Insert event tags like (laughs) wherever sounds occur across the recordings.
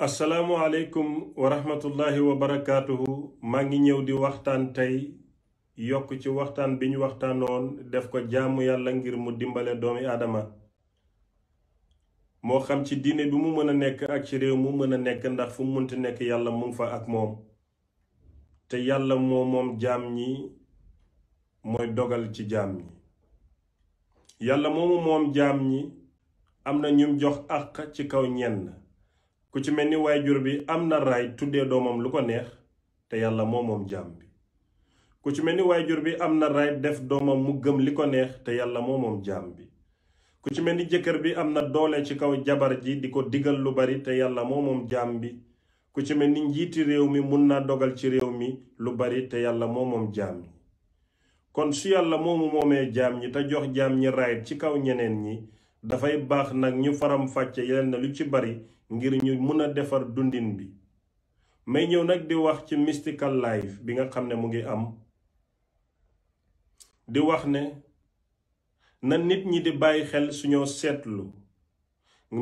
asalaamualeykum wa rahmatullahi wa barakaatuhu maa ngi ñëw di waxtaan tey yokk ci waxtaan bi ñu waxtaanoon def ko jaamu yàlla ngir mu dimbale doomi aadama moo xam ci diine bi mu mën a nekk ak ci réew mu mën a nekk ndax fu mu munti nekk yàlla mu ngi fa ak moom te yàlla moo ñi mooy dogal ci jaam ñi yàlla moomu moom jaam ñi am na ñum jox àq ci kaw ñenn ku ci mel ni waajur bi am na raay tuddee doomam lu ko neex te yàlla moo moom bi ku ci mel ni waajur bi am na raay def doomam mu gëm li ko neex te yàlla moo moom jaam bi ku ci mel ni jëkkër bi am na doole ci kaw jabar ji di ko digal lu bari te yàlla moo moom jaam bi ku ci mel ni njiiti réew mi mun naa dogal ci réew mi lu bari te yàlla moo moom jaam ñi kon su yàlla moomu moomee jaam ñi te jox jaam ñi raayit ci kaw ñeneen ñi dafay baax nag ñu faram fàcce yeneen lu ci bari ngir ñu mun a defar dundin bi may ñëw nag di wax ci mystical life bi nga xam ne mu ngi am di wax ne na nit ñi di bàyyi xel suñoo seetlu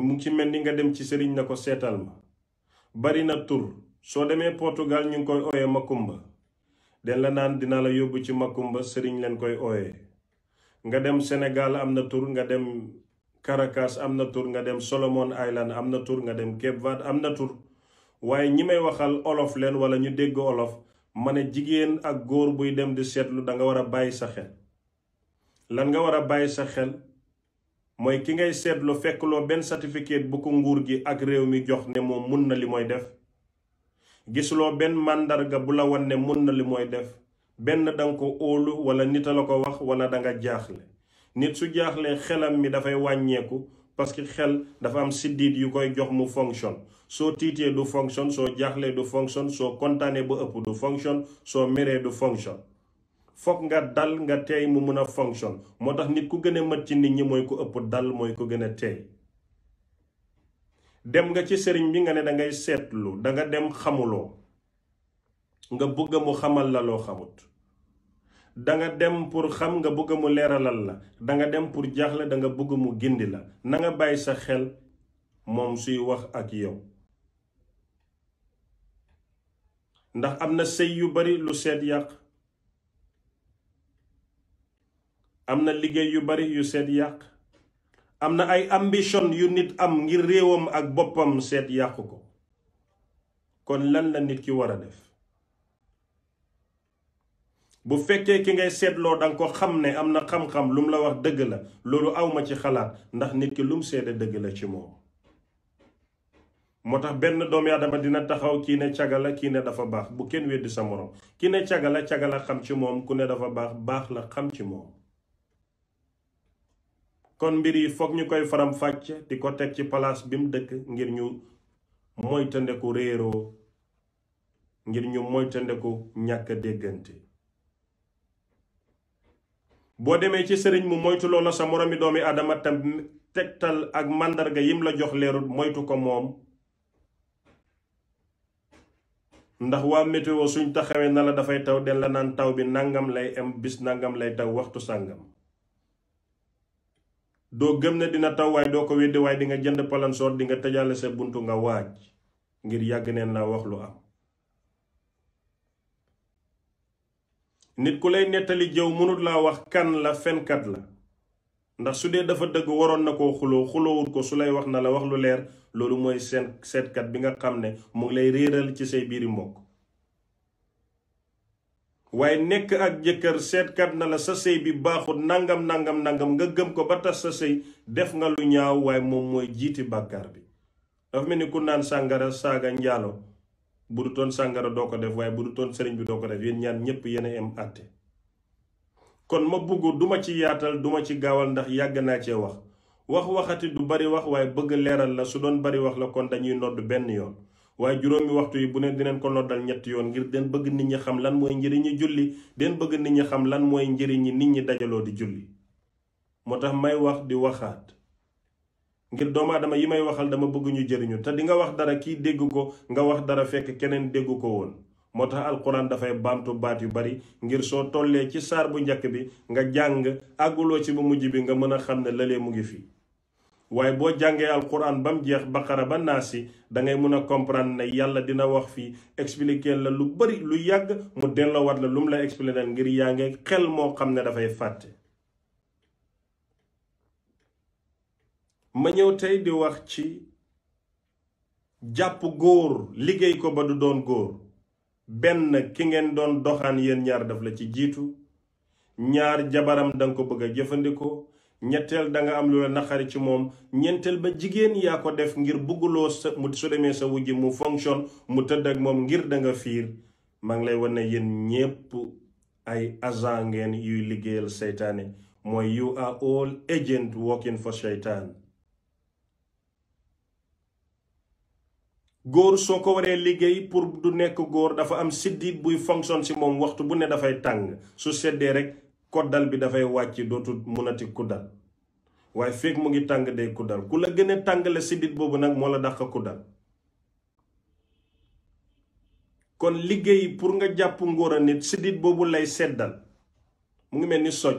mu ci mel ni nga dem ci sëriñ la ko seetal ma bari na tur soo demee Portugal ñu ngi koy ooye Makumba den la naan dina la yóbbu ci Makumba sëriñ leen koy ooye nga dem senegal am na tur nga dem Caracas am na tur nga dem Solomon Island am na tur nga dem Cape Verde am na tur waaye ñi may waxal olof leen wala ñu dégg olof ma ne jigéen ak góor buy dem di seetlu danga war a bàyyi sa xel lan nga war a bàyyi sa xel mooy ki ngay seetlu fekkloo benn certificat bu ko nguur gi ak réew mi jox ne moom mun na li mooy def gisuloo benn màndarga bu la wan ne mun na li mooy def benn danga ko óolu wala nita la ko wax wala danga jaaxle nit su jaaxlee xelam mi dafay wàññeeku parce que xel dafa am siddiit yu koy jox mu fonction soo tiitee du fonction soo jaaxlee du fonction soo kontaanee ba ëpp du fonction soo meree du fonction foog nga dal nga teey mu mën a fonction moo tax nit ku gëna a ci nit ñi mooy ku ëpp dal mooy ku gën a teey dem nga ci sëriñ bi nga ne dangay seetlu danga dem xamuloo nga bëgg mu xamal la loo xamut danga nga dem pour xam nga bëgg mu leeralal la danga dem pour jaaxle danga bëgg mu gindi la nanga bàyyi sa xel moom suy wax ak yow ndax am na sëy yu bari lu am na liggéey yu bari yu seet yàq am na ay ambition yu nit am ngir réewam ak boppam seet yàq ko kon lan la nit ki war a def bu fekkee ki ngay seetloo da nga ko xam ne am na xam-xam lu mu la wax dëgg la loolu awma ci xalaat ndax nit ki lu mu seede dëgg la ci moom moo tax benn doomu aadama dina taxaw kii ne caga kii ne dafa baax bu kenn weddi sa morom kii ne cagala la xam ci moom ku ne dafa baax baax la xam ci moom kon mbir yi foog ñu koy faram fàcce di ko teg ci palaas bi mu dëkk ngir ñu moytandeku réeroo ngir ñu moytandeku ñàkk déggante boo demee ci sëriñ mu moytu loola sa moromi doomi aadama tam tegtal ak màndarga yim la jox leerut moytu ko moom ndax waa météo suñ taxawee na la dafay taw den la naan taw bi nangam lay am bis nangam lay taw waxtu sàngam doo gëm ne dina taw waaye doo ko weddi waaye di nga jënd palansoor di nga tëjale sa buntu nga waaj ngir yàgg neen la wax lu am nit ku lay nettali jëw mënut laa wax kan la fenkat la ndax su dee dafa dëgg waroon na koo xuloo xuloowul ko su lay wax na la wax lu leer loolu mooy seen seetkat bi nga xam ne mu ngi lay réeral ci say biiri mbokk waaye nekk ak jëkkër seetkat na la sa sëy bi baaxut nangam nangam nangam nga gëm ko ba tas sa sëy def nga lu ñaaw waaye moom mooy jiiti bàkkaar bi dafa mel ni ku naan sàngara saaga njaaloo bu du toon sàngara doo ko def waaye bu du toon sëriñ bi doo ko def yéen ñaan ñépp yéen a am àtte kon ma bëgg duma ci yaatal duma ci gaawal ndax yàgg naa cee wax wax waxati du bari wax waaye bëgg leeral la su doon bari wax la kon dañuy nodd benn yoon waaye juróomi waxtu yi bu ne dineen ko noddal ñetti yoon ngir den bëgg nit ñi xam lan mooy njëriñi julli den bëgg nit ñi xam lan mooy njëriñi nit ñi dajaloo di julli moo tax may wax di waxaat ngir doomaadama yi may waxal dama bëgguñu ñu jëriñu te di wax dara kii dégg ko nga wax dara fekk keneen dégg ko woon moo tax alquran dafay baamtu baat yu bari ngir soo tollee ci saar bu njëkk bi nga jàng àgguloo ci bu mujj bi nga mën a xam ne lalee mu ngi fii waaye boo jàngee alquran ba mu jeex baqara ba naasi dangay mun a comprendre ne yàlla dina wax fii expliquer la lu bari lu yàgg mu delloowaat la lu mu la expliquer ngir yaa ngi xel moo xam ne dafay fàtte. ma ñëw tey di wax ci jàpp góor liggéey ko ba du doon góor benn ki ngeen doon doxaan yéen ñaar daf la ci jiitu ñaar jabaram danga ko bëgg a jëfandikoo ñetteel danga am lu la naqari ci moom ñeenteel ba jigéen yaa ko def ngir bëgguloo sa mu sa wujj mu fonction mu tëdd ak moom ngir danga fiir maa lay wan ne yéen ñépp ay agent ngeen yuy liggéeyal seytaane mooy you are all agent working for seytaan góor soo ko waree liggéey pour du nekk góor dafa am siddiit buy fonction si moom waxtu bu ne dafay tàng su seddee rek koddal bi dafay wàcc dootul munati kuddal waaye fekk mu ngi tàng day kuddal ku la gën a tàng la siddiit boobu nag moo la dàq kuddal kon liggéey pour nga jàpp ngóor a nit siddiit boobu lay seddal mu ngi mel ni soj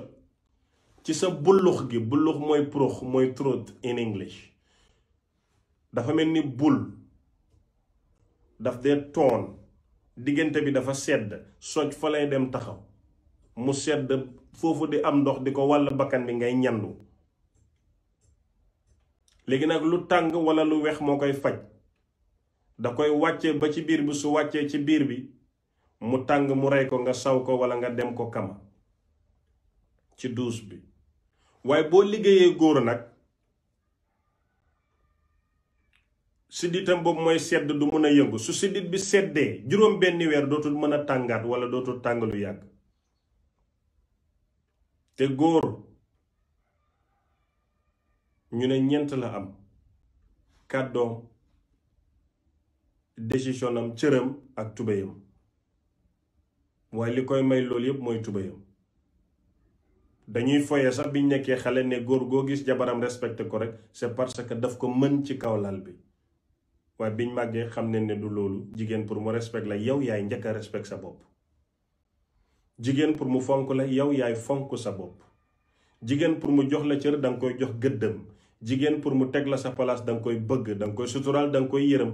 ci sa bullux gi bullux mooy prux mooy throat in English dafa mel ni bul daf dee toon diggante bi dafa sedd soj fa lay dem taxaw mu sedd foofu di am ndox di ko wàll bakkan bi ngay ñandu léegi nag lu tàng walla lu weex moo koy faj da koy wàcce ba ci biir bi su wàccee ci biir bi mu tàng mu rey ko nga saw ko walla nga dem ko kama ci duus bi waaye boo liggéeyee góor nag sidditam boobu mooy sedd du mën a yëngu su siddit bi seddee juróom benni weer dootul mën a tàngaat wala dootul tàng lu yàgg te góor ñu ne ñeent la am kàddoom décision am cëram ak tubéyam waaye li koy may loolu yépp mooy tubéyam dañuy foye sax biñ nekkee xale ne góor goo gis jabaram respecté ko rek c'est parce que daf ko mën ci kaw lal bi waaye biñ màggee xam ne ne du loolu jigéen pour mu respect la yow yaay njëkk a respect sa bopp jigéen pour mu fonk la yow yaay fonk sa bopp jigéen pour mu jox la cër danga koy jox gëddëm jigéen pour mu teg la sa place danga koy bëgg danga koy suturaal danga koy yërëm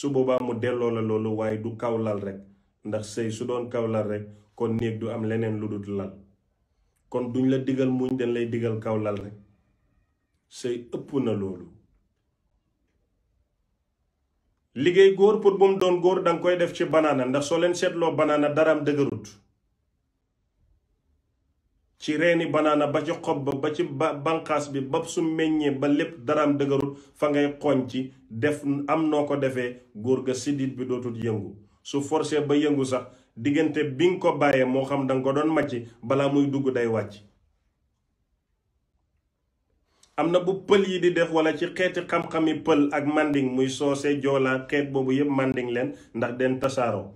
su boobaa mu delloo la loolu waaye du kaw lal rek ndax sëy su doon kaw lal rek kon néeg du am leneen lu dul lal kon duñ la digal muñ dañ lay digal kaw lal rek sëy ëpp na loolu liggéey góor pour bu mu doon góor danga koy def ci banaana ndax soo leen seetloo banaana daraam dëgërut ci reeni banaana ba ci xob ba ba ci banqaas bi ba su meññee ba lépp daraam dëgërut fa ngay xooñ ci def am noo ko defee góor ga siddiit bi dootul yëngu su forcé ba yëngu sax diggante bi nga ko bàyyee moo xam danga ko doon màcc balaa muy dugg day wàcc am na bu pël yi di def wala ci xeeti xam-xami pël ak manding muy soose joolaa xeet boobu yépp manding leen ndax den tasaaroo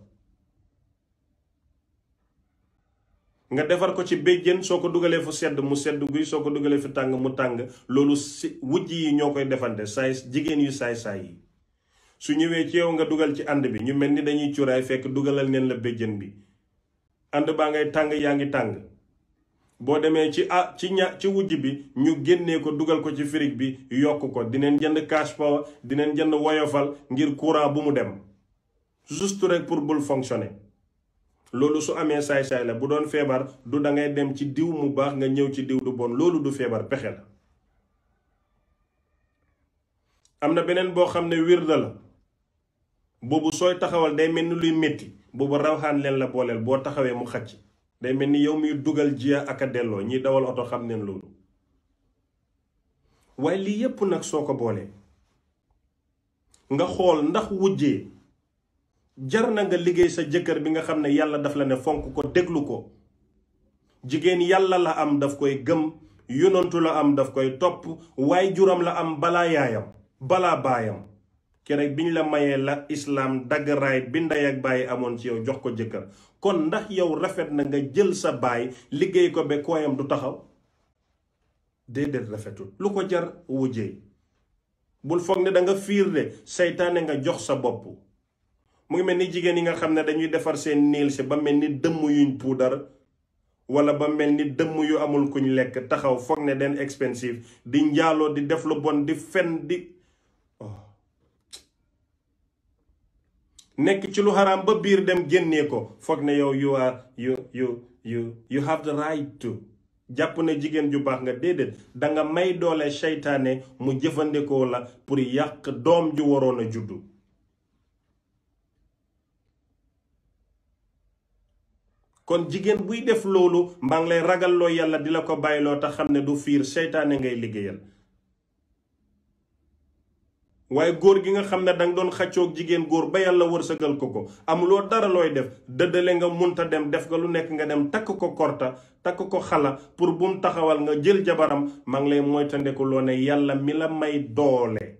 nga defar ko ci béjjén soo ko dugalee fu sedd mu sedd guy soo ko dugalee fu tàng mu tàng loolu si wujj yi ñoo koy defante saay jigéen yu saay-saay yi su ñëwee ci yow nga dugal ci ànd bi ñu mel ni dañuy cuuraay fekk dugalal neen la béjjén bi ànd baa ngay tàng yaa ngi tàng boo demee ci a ci ña ci wujj bi ñu génnee ko dugal ko ci firig bi yokk ko dineen jënd cash power dineen jënd woyofal ngir courant bu mu dem juste rek pour bul fonctionner loolu su amee saay-saay la bu doon feebar du dangay dem ci diw mu baax nga ñëw ci diw du bon loolu du feebar pexe la am na beneen boo xam ne wirda la boobu sooy taxawal day mel ni luy métti boobu rawxaan leen la booleel boo taxawee mu xacc day mel ni yow miy dugal jiya ak a delloo ñiy dawal oto xam neen loolu waaye lii yépp nag soo ko boolee nga xool ndax wujjee jar na nga liggéey sa jëkkër bi nga xam ne yàlla daf la ne fonk ko déglu ko jigéen yàlla la am daf koy gëm yonantu la am daf koy topp waaye juram la am balaa yaayam balaa baayam keroog bi ñu la mayee la islaam dagg raay bi ndey ak bàyyi amoon ci yow jox ko jëkkër kon ndax yow rafet na nga jël sa baay liggéey ko ba kooyam du taxaw déedéet rafetul lu ko jar wujjee bul foog ne danga nga fiir de seytaane nga jox sa bopp mu ngi mel ni jigéen yi nga xam ne dañuy defar seen niil si ba mel ni dëmm yuñ puudar wala ba mel ni dëmm yu amul kuñ lekk taxaw foog ne den expensive di njaaloo di def lu bon di fen di nekk ci lu xaraam ba biir dem génnee ko foog ne yow yu are you you you you have the right to jàpp na jigéen ju baax nga déedéet danga may doole seytaane mu jëfandikoo la pour yàq doom ju waroon a juddu kon jigéen buy def loolu mbaa lay ragalloo yàlla di la ko bàyyiloo te xam ne du fiir seytaane ngay liggéeyal waaye góor gi nga xam ne danga doon xàccoog jigéen góor ba yàlla wërsëgal ko ko amuloo dara looy def dëddale nga munta dem def nga lu nekk nga dem takk ko korta takk ko xala pour bu mu taxawal nga jël jabaram maa ngi lay moytandeku loo ne yàlla mi la may doole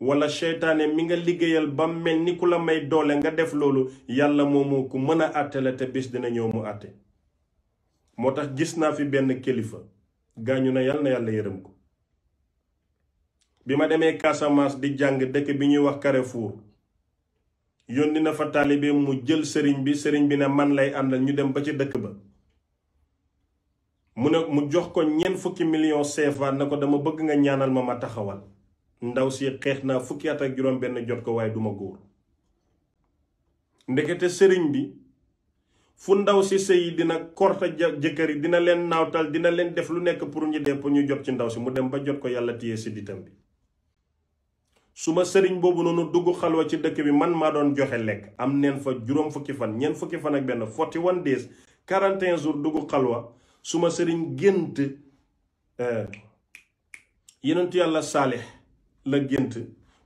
wala seytaane mi nga liggéeyal ba mel ni ku la may doole nga def loolu yàlla moomu ku mën a àtte la te bis dina ñëw mu àtte moo tax gis naa fi benn kilifa gaañu na yàlla na yàlla yërëm ko bi ma demee Casamance di jàng dëkk bi ñuy wax Carrefour yónni na fa taalibe mu jël sëriñ bi sëriñ bi ne man lay àndal ñu dem ba ci dëkk ba mu ne mu jox ko ñeent fukki million CFA na ko dama bëgg nga ñaanal ma ma taxawal ndaw si xeex naa fukki at ak juróom benn jot ko waaye duma góor ndekete sëriñ bi fu ndaw si sëy dina korta jëkkër yi dina leen naawtal dina leen def lu nekk pour ñu dee ñu jot ci ndaw si mu dem ba jot ko yàlla téye sidditam bi su ma sëriñ boobu noonu dugg xalwa ci dëkk bi man maa doon joxe lekk am neen fa juróom fukki fan ñeent fukki fan ak benn forty one days 41 jours dugg xalwa su ma sëriñ gént euh, yenentu yàlla saalix la gént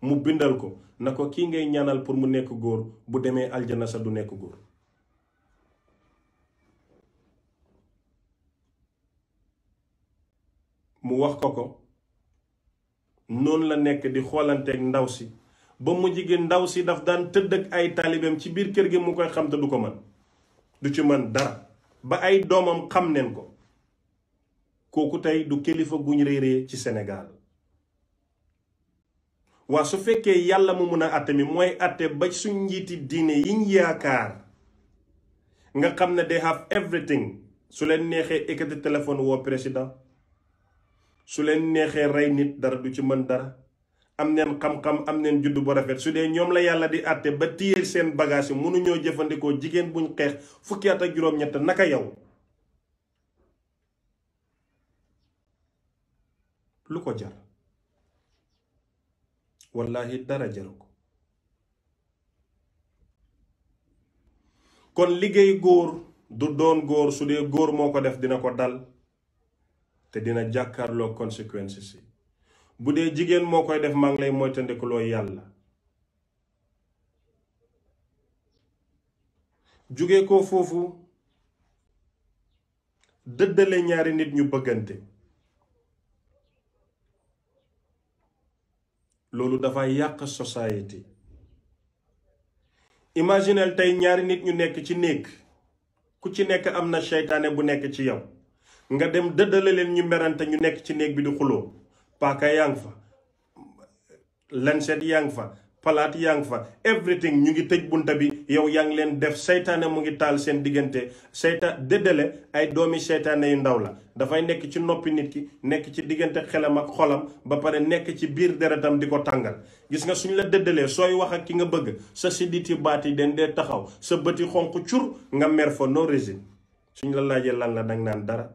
mu bindal ko na ko kii ngay ñaanal pour mu nekk góor bu demee aljana sa du nekk góor mu wax ko ko noonu la nekk di xoolanteeg ndaw si ba mu jigéen ndaw si daf daan tëdd ak ay taalibeem ci biir kër gi mu koy xam te du ko mën du ci mën dara ba ay doomam xam neen ko kooku tey du kilifa guñ réeree ci Sénégal waa su fekkee yàlla mu mun a àtte mi mooy àtte ba su njiiti diine yiñ yaakaar nga xam ne they have everything su leen neexee ekkati téléphone woo président su leen neexee rey nit dara du ci mën dara am neen xam-xam am neen juddu bu rafet su dee ñoom la yàlla di àtte ba téye seen bagage yi mënuñoo jëfandikoo jigéen bu ñu xeex fukki at ak juróom-ñett naka yow lu ko jar wallaahi dara jaru ko kon liggéey góor du doon góor su dee góor moo ko def dina ko dal te dina jàkkaarloo conséquences yi bu dee jigéen moo koy def maa ngi lay moytandikuloo yàlla jóge ko foofu dëddale ñaari nit ñu bëggante loolu dafay yàq société imaginel tey ñaari nit ñu nekk ci néeg ku ci nekk am na seytaane bu nekk ci yow nga dem dëddale leen ñu merante ñu nekk ci néeg bi di xuloo paaka yaa ngi fa lancet yaa fa palaat yaa ngi fa everything ñu ngi tëj bunta bi yow yaa ngi leen def seytaane mu ngi taal seen diggante seyta dëddale ay doomi seytaane yu ndaw la dafay nekk ci noppi nit ki nekk ci diggante xelam ak xolam ba pare nekk ci biir deretam di ko tàngal gis nga suñu la dëddalee sooy wax ak ki nga bëgg sa sidditi baat yi dañ dee taxaw sa bëti xonq cur nga mer fa no résine suñ la laajee lan la dang naan dara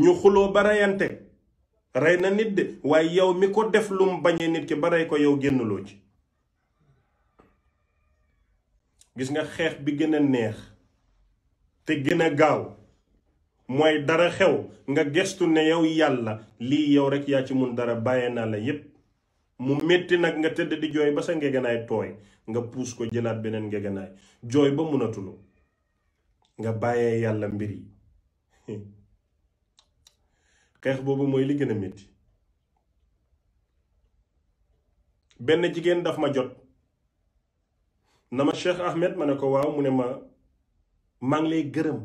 ñu xuloo ba reyante rey na nit de waaye yow mi ko def lu mu bañee nit ki ba rey ko yow génnuloo ci gis nga xeex bi gën a neex te gën a gaaw mooy dara xew nga gestu ne yow yàlla lii yow rek yaa ci mun dara bàyyee naa la yépp mu metti nag nga tëdd di jooy ba sa ngegenaay tooy nga puus ko jëlaat beneen ngegenaay jooy ba munatuloo nga bàyyee yàlla mbir yi (laughs) xeex boobu mooy li gën a benn jigéen daf ma jot na ma Cheikh Ahmed ma ne ko waaw mu ne ma maa lay gërëm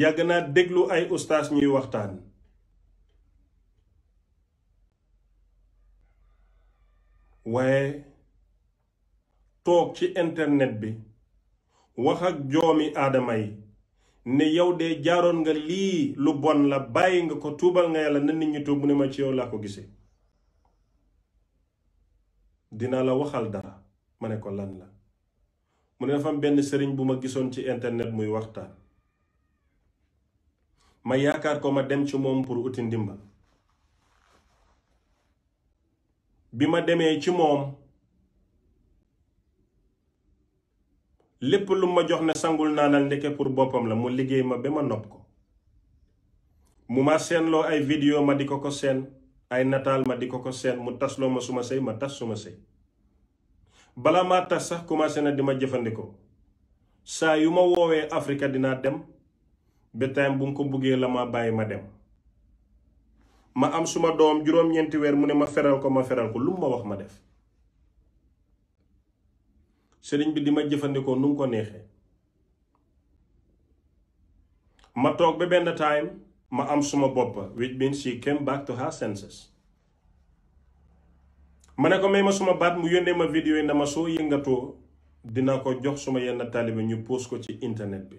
yàgg naa déglu ay ustaas ñuy waxtaan waaye toog ci internet bi wax ak joomi aadama yi ne yow de jaaroon nga lii lu bon la bàyyi nga ko tuubal nga yàlla na nit ñi tuub mu ne ma ci yow laa ko gisee dinaa la waxal dara ma ne ko lan la mu ne dafa benn sëriñ bu ma gisoon ci internet muy waxtaan ma yaakaar ko ma dem ci moom pour uti ndimbal bi ma demee ci moom lépp lu ma jox ne sangul naanal ndeke pour boppam la mu liggéey ma ba ma nopp ko mu ma seenloo ay vidéo ma di ko ko seen ay nataal ma di ko ko seen mu tasloo ma suma sëy ma tas suma sëy bala ma tas sax commencé na di ma jëfandikoo saa yu ma woowee Afrika dinaa dem ba time bu mu ko buggee la ma bàyyi ma dem ma am suma doom juróom-ñeenti weer mu ne ma feral ko ma feral ko lu mu ma wax ma def sëriñ bi di ma jëfandikoo nu mu ko neexee ma toog ba benn time ma am suma bopp which means she came back to her senses ma ne ko may ma suma baat mu yónnee ma vidéo yi ma soo yëngatoo dina ko jox suma yenn taalibe ñu post ko ci internet bi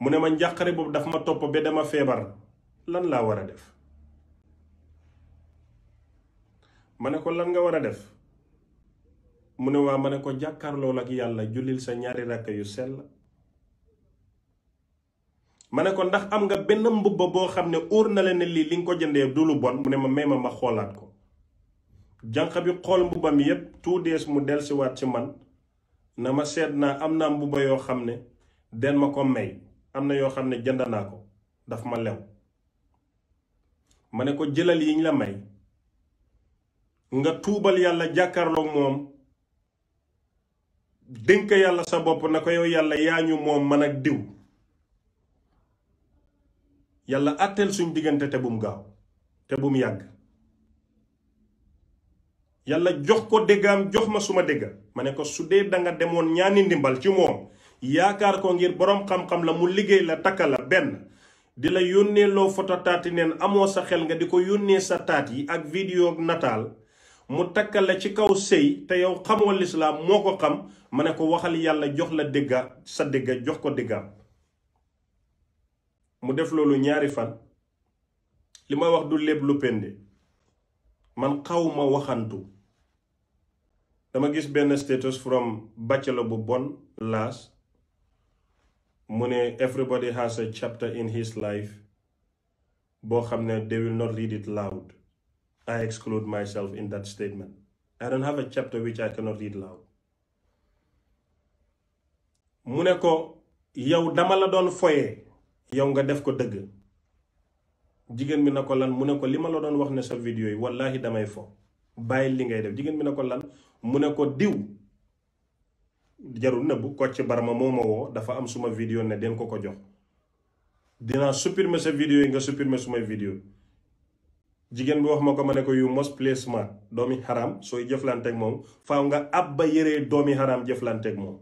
mu ne ma njàqare boobu daf ma topp ba dama feebar lan laa war a def ma ne ko lan nga war a def mu ne waa ma ne ko jàkkaarlool ak yàlla jullil sa ñaari rakk yu sell ma ne ko ndax am nga benn mbubba boo xam ne óor na la ne lii li nga ko jëndee du lu bon mu ne ma may ma ma xoolaat ko jànq bi xool mbubbam yépp tout dees mu delsiwaat ci man na ma seet naa am naa mbubba yoo xam ne den ma ko may am na yoo xam ne jënd naa ko daf ma lew ma ne ko jëlal yiñ la may nga tuubal yàlla jàkkaarloog moom dénk yàlla sa bopp na ko yow yàlla yaa ñu moom mën ak diw yàlla àtteel suñ diggante te bum gaaw te bum yàgg yàlla jox ko déggaam jox ma suma dégga ma ne ko su dee danga demoon ñaani ndimbal ci moom yaakaar ko ngir boroom xam-xam la mu liggéey la takka la benn di la yónnee loo foto taati neen amoo sa xel nga di ko yónnee sa taat yi ak vidéo nataal mu takkal la ci kaw sëy te yow xamoo lislaam moo ko xam ma ne ko waxal yàlla jox la dégga sa dégga jox ko déggaam mu def loolu ñaari fan li ma wax du lépp lu pende man xawma waxantu dama gis benn status from bachelor bu bon laas mu ne everybody has a chapter in his life boo xam ne they will not read it loud I exclude myself in that I don't have a chapter which I cannot read loud. mu ne ko yow dama la doon foyee yow nga def ko dëgg jigéen bi na ko lan mu ne ko li ma la doon wax ne sa vidéo yi wallaahi damay fo bàyyi li ngay def jigéen bi na ko mu ne ko diw jarul nëbbu Kocc Barma moo ma woo dafa am suma vidéo ne den ko ko jox dinaa supprimer sa vidéo yi nga supprimer sumay vidéo jigéen bi wax ma ko ma ne ko yu mos placement doomi xaraam sooy jëflanteeg moom faaw nga ab ba yëree doomi xaraam jëflanteeg moom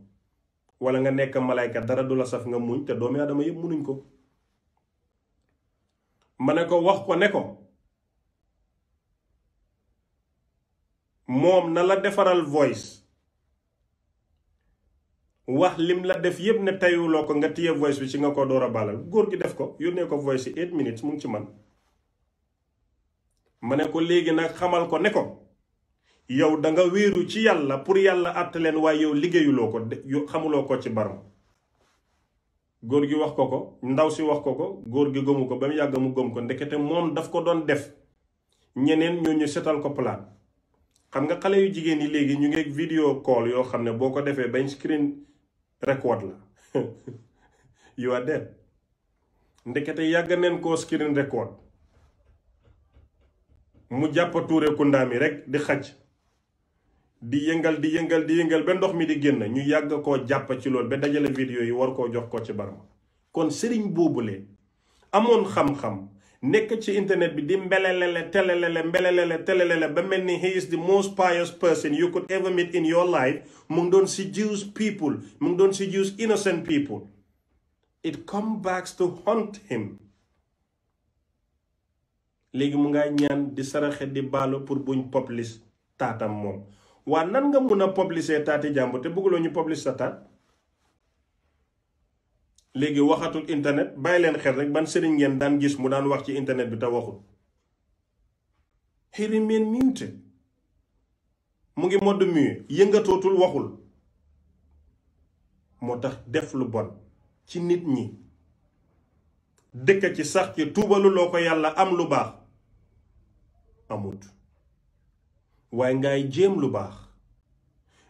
wala nga nekk malayka dara du la saf nga muñ te doomi adama yëpp munuñ ko ma ne ko wax ko ne ko moom na la defaral voice wax lim la def yëpp ne teyuloo ko nga téye voice bi ci nga ko door a baalal góor gi def ko yónnee ko voice yi 8 minutes mu ci man ma ne ko léegi nag xamal ko ne ko yow danga nga wéeru ci yàlla pour yàlla àtte leen waaye yow liggéeyuloo ko xamuloo ko ci baram góor gi wax ko ko ndaw si wax ko ko góor gi gëmu ko ba mu yàgg mu gëm ko ndekete moom daf ko doon def ñeneen ñoo ñu setal ko plan xam nga xale yu jigéen yi léegi ñu ngi vidéo call yoo xam ne boo ko defee bañ screen record la (laughs) you are ndekete yàgg neen koo screen record mu jàpp tuure kundaa mi rek di xaj di yëngal di yëngal di yëngal ba ndox mi di génn ñu yàgg koo jàpp ci loolu ba dajale vidéo yi war koo jox ko ci barma kon sëriñ boobule amoon xam-xam nekk ci internet bi di mbelelele telelele mbelelele telelele ba mel ni he is the most pious person you could ever meet in your life mu ngi doon seduce people mu ngi doon seduce innocent people it come back to haunt him léegi mu ngay ñaan di saraxe di baalo pour buñ publish taatam moom waa nan nga mun a publisher taati jàmbur te bëgguloo ñu publish sa taat léegi waxatul internet bay leen xel rek ban sëriñ ngeen daan gis mu daan wax ci internet bi te waxul he remain muted mu ngi modd mue yëngatootul waxul moo tax def lu bon ci nit ñi dëkk ci sax ci tuubalu loo ko yàlla am lu baax amut waaye ngay jéem lu baax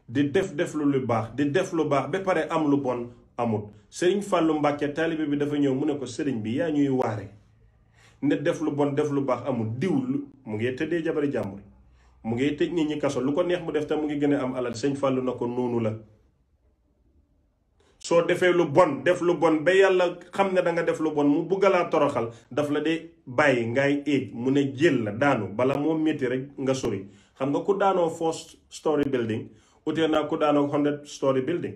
di def def lu lu baax di def lu baax ba pare am lu bon amut sëriñ Fàllu Mbàkke taalibe bi dafa ñëw mu ne ko sëriñ bi yaa ñuy waare ne def lu bon def lu baax amut diw mu ngi tëddee jabari jàmbur mu ngi tëj nit ñi kaso lu ko neex mu def te mu ngi gën a am alal sëñ Fàllu na ko noonu la soo defee lu bon def lu bon ba yàlla xam ne da nga def lu bon mu bugg laa toroxal daf la dee bàyyi ngay éeg mu ne jël la daanu bala moo métti rek nga sori xam nga ku daanoo four story building utee naa ku daanoo hundred story building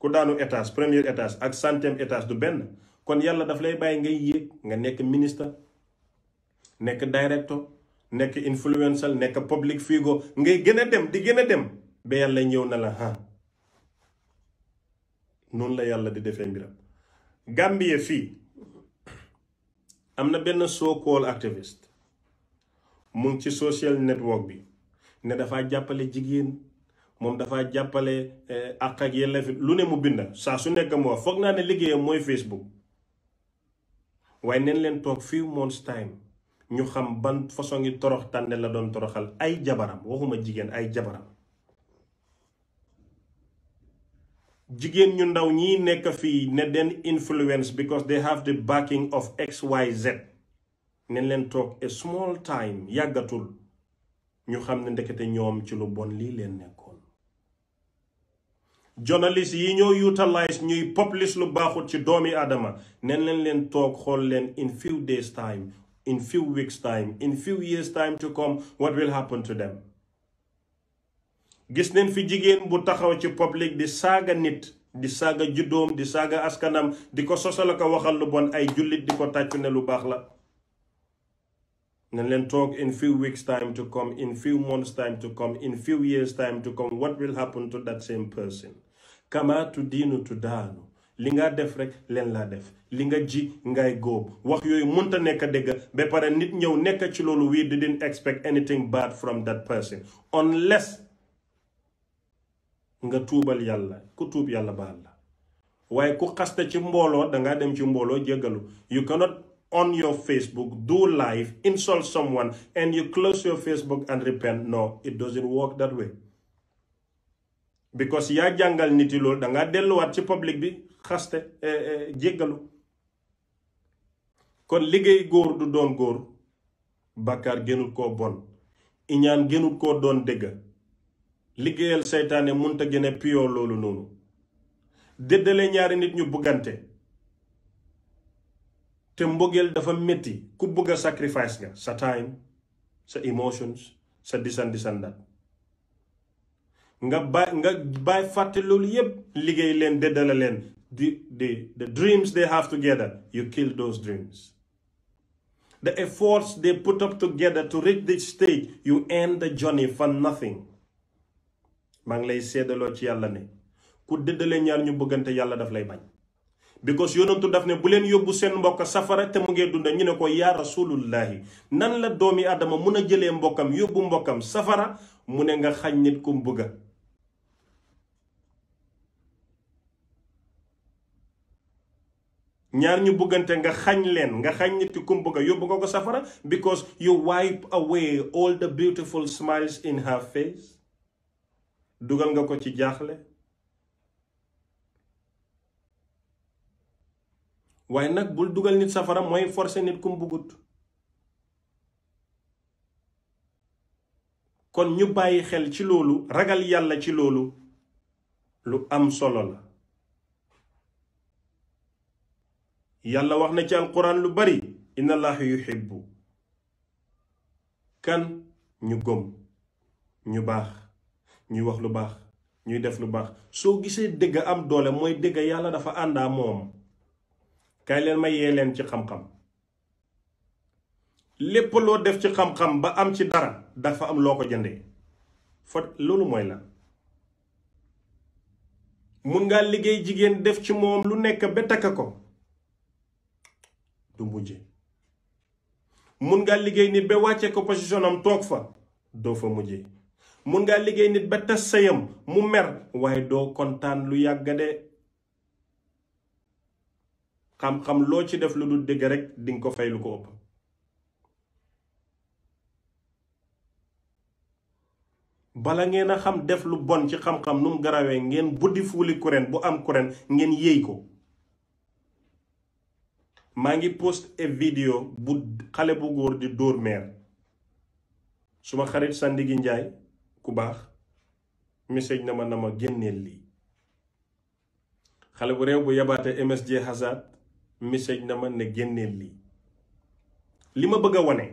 ku daanu étage premier étage ak centième étage du benn kon yàlla daf lay bàyyi ngay yéeg nga nekk ministre nekk directeur nekk influencer nekk public figure ngay gën a dem di gën a dem ba yàlla ñëw na la ah noonu la yàlla di defee mbiram Gambie fii am na benn so-called activiste mu ngi ci social network bi ne dafa jàppale jigéen moom dafaa jàppale eh, àq ak yelleef lu ne mu binda saa su nekk mu wax foog naa ne liggéeyam mooy Facebook waaye neen leen toog few months time ñu xam ban façon ngi torox tànne la doon toroxal ay jabaram waxuma jigéen ay jabaram jigéen ñu ndaw ñi nekk fii ne den influence because they have the backing of xyz ne leen toog a small time yàggatul ñu xam ne ndekete ñoom ci lu bon lii leen nekkoon journalist yi ñoo utilize ñuy publish lu baaxul ci doomi aadama neen leen leen toog xool leen in few days time in few weeks time in few years time to come what will happen to them gis neen fi jigéen bu taxaw ci public di saaga nit di saaga juddoom di saaga askanam di ko sosal ko waxal lu bon ay jullit di ko tàccu ne lu baax la nañ leen toog in few weeks time to come in few months time to come in few years time to come what will happen to that same person kamaatu diinu tu daanu li nga def rek leen laa def li nga ji ngay góob wax yooyu munta nekk dëgg ba pare nit ñëw nekk ci loolu we didn't expect anything bad from that person unless nga tuubal yàlla ku tuub yàlla baal la waaye ku xaste ci mbooloo danga dem ci mbooloo jéggalu you cannot on your Facebook do live insult someone and you close your Facebook and repent no it work that way because yaa jàngal nit yi loolu danga delluwaat ci public bi xaste eh, eh, jéggalu kon liggéey góor du doon góor bàkkaar gënul koo bon iñaan gënul ko doon dëgg liggéeyal seytaane munta gëne piyoo loolu noonu déddale ñaari nit ñu buggante te mbogeel dafa metti ku bugg a sacrifice nga sa time sa emotions sa disan disan dat nga bàyyi nga bàyyi fàtte loolu yépp liggéey leen déddale leen di di the dreams they have together you kill those dreams the efforts they put up together to reach this stage you end the journey for nothing maa ngi lay seedaloo ci yàlla ne ku dëddale ñaar ñu bëggante yàlla daf lay bañ because yonentu daf ne bu leen yóbbu seen mbokk safara te mu ngee dunda ñu ne ko yaa rasulullahi nan la doomi aadama mun a jëlee mbokkam yóbbu mbokkam safara mu ne nga xañ nit ku mu bëgga ñaar ñu bëggante nga xañ leen nga xañ nit ku mu bëgga yóbbu ko ko safara because yow wipe away all the beautiful smiles in her face dugal nga ko ci jaaxle waaye nag bul dugal nit safara mooy forcer nit kum bugut kon ñu bàyyi xel ci loolu ragal yàlla ci loolu lu am solo la yàlla wax na ci alquran lu bari inna allaha bu kan ñu gëm ñu baax ñuy wax lu baax ñuy def lu baax soo gisee dëgg am doole mooy dëgg yàlla dafa àndaa moom kay leen ma yee leen ci xam-xam lépp def ci xam-xam ba am ci dara dafa am loo ko jëndee fa loolu mooy la mun ngaa liggéey jigéen def ci moom lu nekk ba takk ko du mujje mun ngaa liggéey ni be wàcce ko position am toog fa doo fa mujjee mun ngaa liggéey nit ba tas sëyam mu mer waaye doo kontaan lu yàgg de xam-xam loo ci def lu dul dëgg rek dinga ko fay lu ko ëpp bala ngeen a xam def lu bon ci xam-xam nu garawee ngeen buddi fuuli kuréen bu am kuréen ngeen yéey ko maa ngi post e vidéo bu xale bu góor di dóor meer suma xarit Sandigi Njaay bu baax message na ma na ma génneel lii xale bu réew bu yabaate MSG Hazard message na ma ne génneel lii li ma bëgg a wane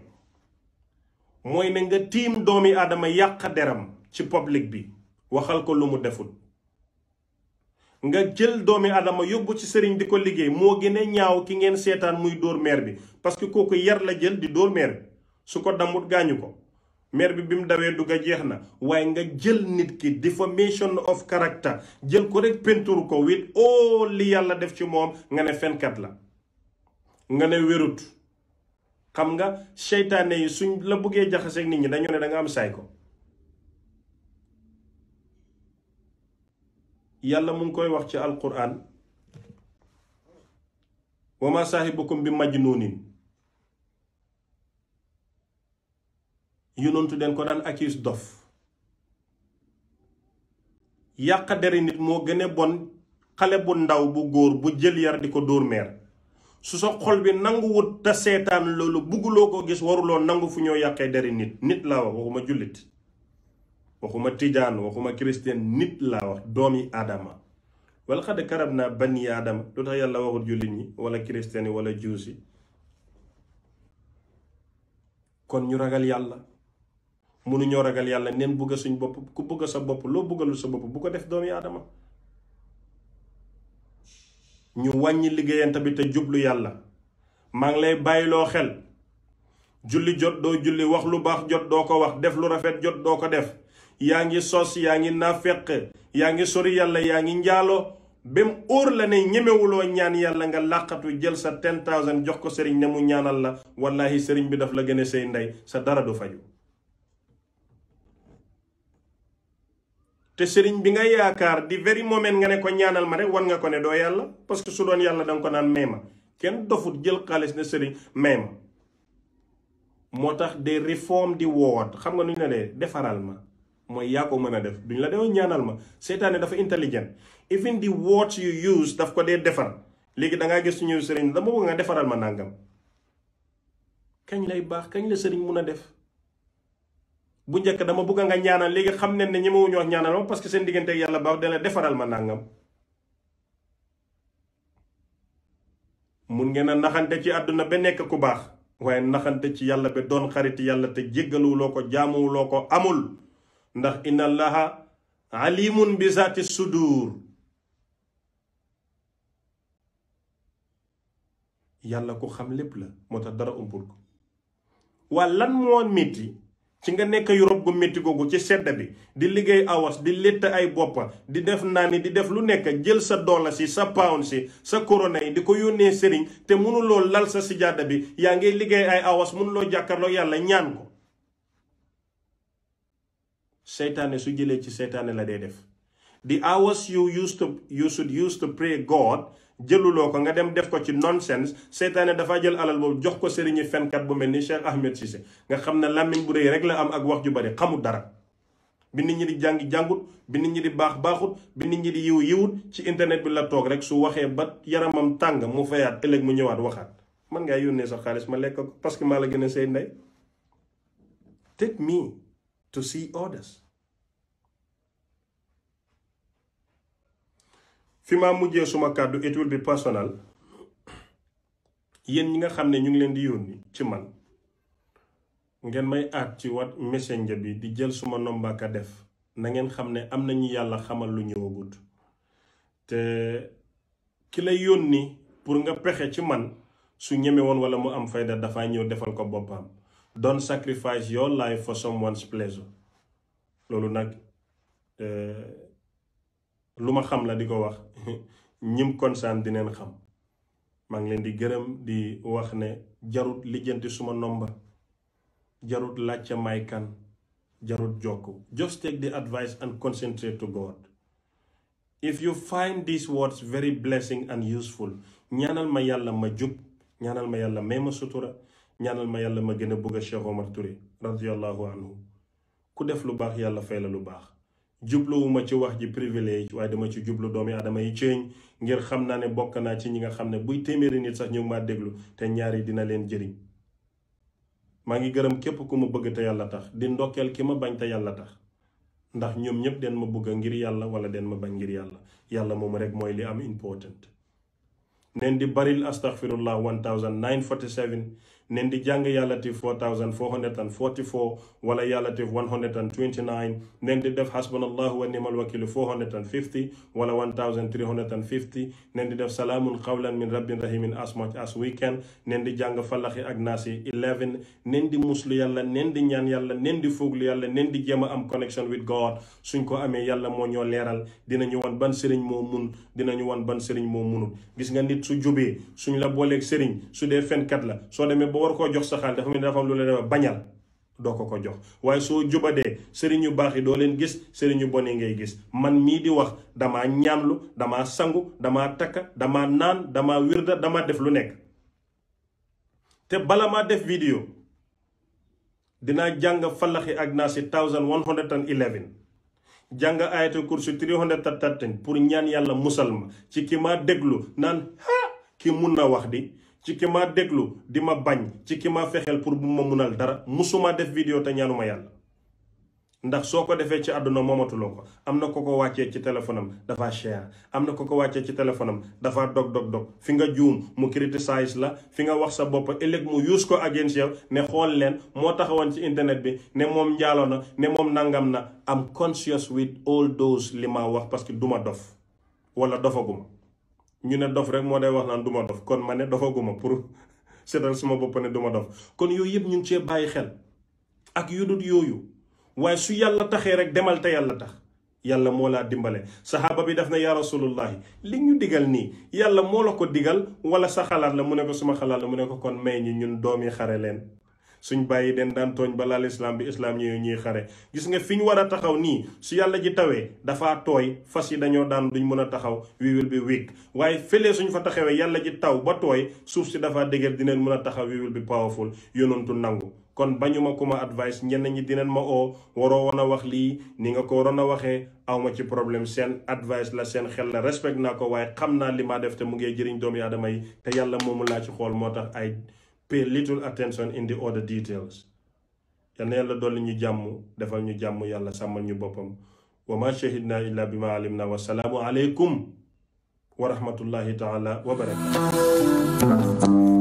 mooy ne nga tiim doomi aadama yàq deram ci public bi waxal ko lu mu deful nga jël doomi aadama yóbbu ci sëriñ di ko liggéey moo gën a ñaaw ki ngeen seetaan muy dóor meer bi parce que kooku yar la jël di dóor meer bi su ko damut gaañu ko maire bi bi mu dawee dugga jeex na waaye nga jël nit ki defamation of character jël ko rek pentur ko wit oo li yàlla def ci moom nga ne fenkat la nga ne wérut xam nga seytaane yi suñ la bëggee jaxaseeg nit ñi dañu ne danga am saay ko yàlla mu ngi koy wax ci alquran wa ma saahibukum bi majnunin yonantu den ko daan accuse dof yàq deri nit moo gën a bon xale bu ndaw bu góor bu jël yar di ko dóor meer su sa xol bi nanguwut te seetaan loolu bugguloo ko gis waruloo nangu fu ñoo yàqee deri nit nit laa wax waxuma jullit waxuma tijaan waxuma chrétien nit laa wax doomi aadama wala xad karab naa bani aadama lu tax yàlla waxul jullit ñi wala chrétien yi wala juus kon ñu ragal yàlla mënuñoo ragal yàlla neen bugg suñ bopp ku bugg sa bopp loo buggalul sa bopp bu ko def doomi aadama ñu wàññi liggéeyante bi te jublu yàlla maa ngi lay bàyyiloo xel julli jot doo julli wax lu baax jot doo ko wax def lu rafet jot doo ko def yaa ngi sos yaa ngi naafeq yaa ngi sori yàlla yaa ngi njaaloo ba mu óor la ne ñemewuloo ñaan yàlla nga làqatu jël sa ten thousand jox ko sëriñ ne mu ñaanal la wallahi sëriñ bi daf la gën a say ndey sa dara du faju te sëriñ bi nga yaakaar di very moment nga ne ko ñaanal ma rek wan nga ko ne doo yàlla parce que su doon yàlla danga ko naan may ma kenn dofut jël xaalis ne sëriñ may ma moo tax de reform di wood xam nga nu ñu la dee defaral ma mooy yaa ko mën a def duñu la dee ñaanal ma seytaane dafa intelligent even di words you use daf ko dee defar léegi dangaa gis suñu sëriñ dama bëgg nga defaral ma nàngam kañ lay baax kañ la sëriñ mun a def bu njëkk dama bëgg nga ñaanal léegi xam ne ne ñemewuñu wax ñaanal ma parce que seen diggante ak yàlla baaw dana defaral ma nàngam mun ngeen a naxante ci àdduna ba nekk ku baax waaye naxante ci yàlla ba doon xarit yàlla te jéggaluwuloo ko jaamuwuloo ko amul ndax inna allaha alimun bi zaati sudur yàlla ko xam lépp la moo tax dara umpul ko waa lan moo metti ci nga nekk Europe gu métti googu ci sedd bi di liggéey awas di létt ay boppa di def naa ni di def lu nekk jël sa doola si sa pound si sa corona yi di ko yónnee sëriñ te mënuloo lal sa sijaada bi yaa ngiy liggéey ay awas mënuloo jàkkarloo yàlla ñaan ko seytaane su jëlee ci seytaane la dee def the hours you use to pray God jëluloo ko nga dem def ko ci nonsense seytaane dafaa jël alal boobu jox ko sëriñi fenkat bu mel ni Cheikh Ahmed Cissé nga xam ne làmmiñ bu rëy rek la am ak wax ju bari xamul dara bi nit ñi di jàngi jàngut bi nit ñi di baax baaxut bi nit ñi di yiw yiwut ci internet bi la toog rek su waxee ba yaramam tàng mu fayaat ëllëg mu ñëwaat waxaat man ngaa yónnee sa xaalis ma lekk ko parce que maa la gën a say ndey take me to see others fi maa mujjee suma kàddu it will be personal yéen ñi nga xam ne ñu ngi leen di yónni ci man ngeen may aat ci wat messenger bi di jël suma nombaaka def na ngeen xam ne am nañu yàlla xamal lu gudd te ki lay yónni pour nga pexe ci man su ñeme woon wala mu am fayda dafa ñëw defal ko boppam don't sacrifice your life for someone's pleasure loolu nag euh, lu ma xam la di ko wax (laughs) ñim konsaan dineen xam maa ngi leen di gërëm di wax ne jarut lijjanti suma nomba jarut laaj may kan jarut jokk just take the advice and concentrate to God if you find these words very blessing and useful ñaanal ma yàlla ma jub ñaanal ma yàlla mais ma sutura ñaanal ma yàlla ma gën a bëgg a Cheikh Omar radiallahu anhu ku def lu baax yàlla fay la lu baax jubluwuma ci wax ji privilège waaye dama ci jublu doomi aadama yi ceeñ ngir xam naa ne bokk naa ci ñi nga xam ne buy téeméeri nit sax ñu ngi maa déglu te ñaari dina leen jëriñ maa ngi gërëm képp ku ma bëgg te yàlla tax di ndokkeel ki ma bañ te yàlla tax ndax ñoom ñëpp den ma bëgg ngir yàlla wala den ma bañ ngir yàlla yàlla moom rek mooy li am important. neen di baril astaghfirullah 1947 nendi jang yalati 4444 wala yalati 129 nendi def hasbunallahu wa ni'mal wakilu 450 wala 1350 nendi def salaamun qawlan min rabbin rahimin as much as we can nendi jang falaxi ak naasi 11 nendi muslu yàlla nendi ñaan yàlla nendi fuglu yàlla nendi jéem a am connection with God suñ ko amee yàlla moo ñoo leeral dinañu wan ban sëriñ moo mun dinañu wan ban sëriñ moo munul gis nga nit su jubee suñ la booleeg sëriñ su dee fenkat la soo ba war koo jox saxaan dafa mu ni dafa lu la dem bañal doo ko ko jox waaye soo jubadee sëriñ yu baax yi doo leen gis sëriñu yu ngay gis man mii di wax dama ñaanlu dama sangu dama takk damaa naan damaa wirda damaa def lu nekk te bala ma def vidéo dinaa jàng fallaxi ak naa si 1111 jàng ayatul kursi 313 pour ñaan yàlla musal ma ci ki ma déglu naan ha ki mun na wax di ci ki ma déglu di ma bañ ci ki ma fexeel pour bu ma munal dara musuma def vidéo te ñaanuma yàlla ndax soo ko defee ci àdduna moomatuloo ko am na ko ko wàccee ci téléphone am dafa cher am na ko ko wàccee ci téléphone am dafa dog dog dog fi nga juum mu criticize la fi nga wax sa boppa ëllëg mu use ko against ne xool leen moo taxawoon ci internet bi ne moom njaalo na ne moom nangam na am conscious with all those li ma wax parce que duma dof wala dofaguma ñu ne dof rek moo day wax naan du ma dof kon ma ne dofaguma pour (laughs) seetal suma bopp ne du ma dof kon yooyu yëpp ñu ngi cee bàyyi xel ak yu yooyu waaye su yàlla taxee rek demal te yàlla tax yàlla moo laa dimbale saxaaba bi def na yaa rasulullahi li ñu digal nii yàlla moo la ko digal wala sa xalaat la mu ne ko suma xalaat la mu ne ko kon may ñi ñun doomi xare leen suñ bàyyi den daan tooñ balaa lislaam bi islaam ñëw ñuy xare gis nga fi ñu war a taxaw nii su yàlla ji tawee dafa tooy fas yi dañoo daan duñ mën a taxaw we bi be waaye fëlee suñ fa taxawee yàlla ji taw ba tooy suuf si dafaa dëgër dinañ mën a taxaw we bi be powerful yonantu nangu kon bañuma ku ma advice ñenn ñi dinañ ma oo waroo woon a wax lii ni nga ko waroon a waxee awma ci problème seen advice la seen xel la respect naa ko waaye xam naa li ma def te mu jëriñ doomu aadama yi te yàlla moomu laa ci xool moo tax ay pay little attention in the other details yal na yàlla ñu jàmm defal ñu jàmm yàlla sàmmal ñu boppam wa ma shahidna illa bi ma alimna wa salaamu aleykum wa rahmatullahi taala wa barakatu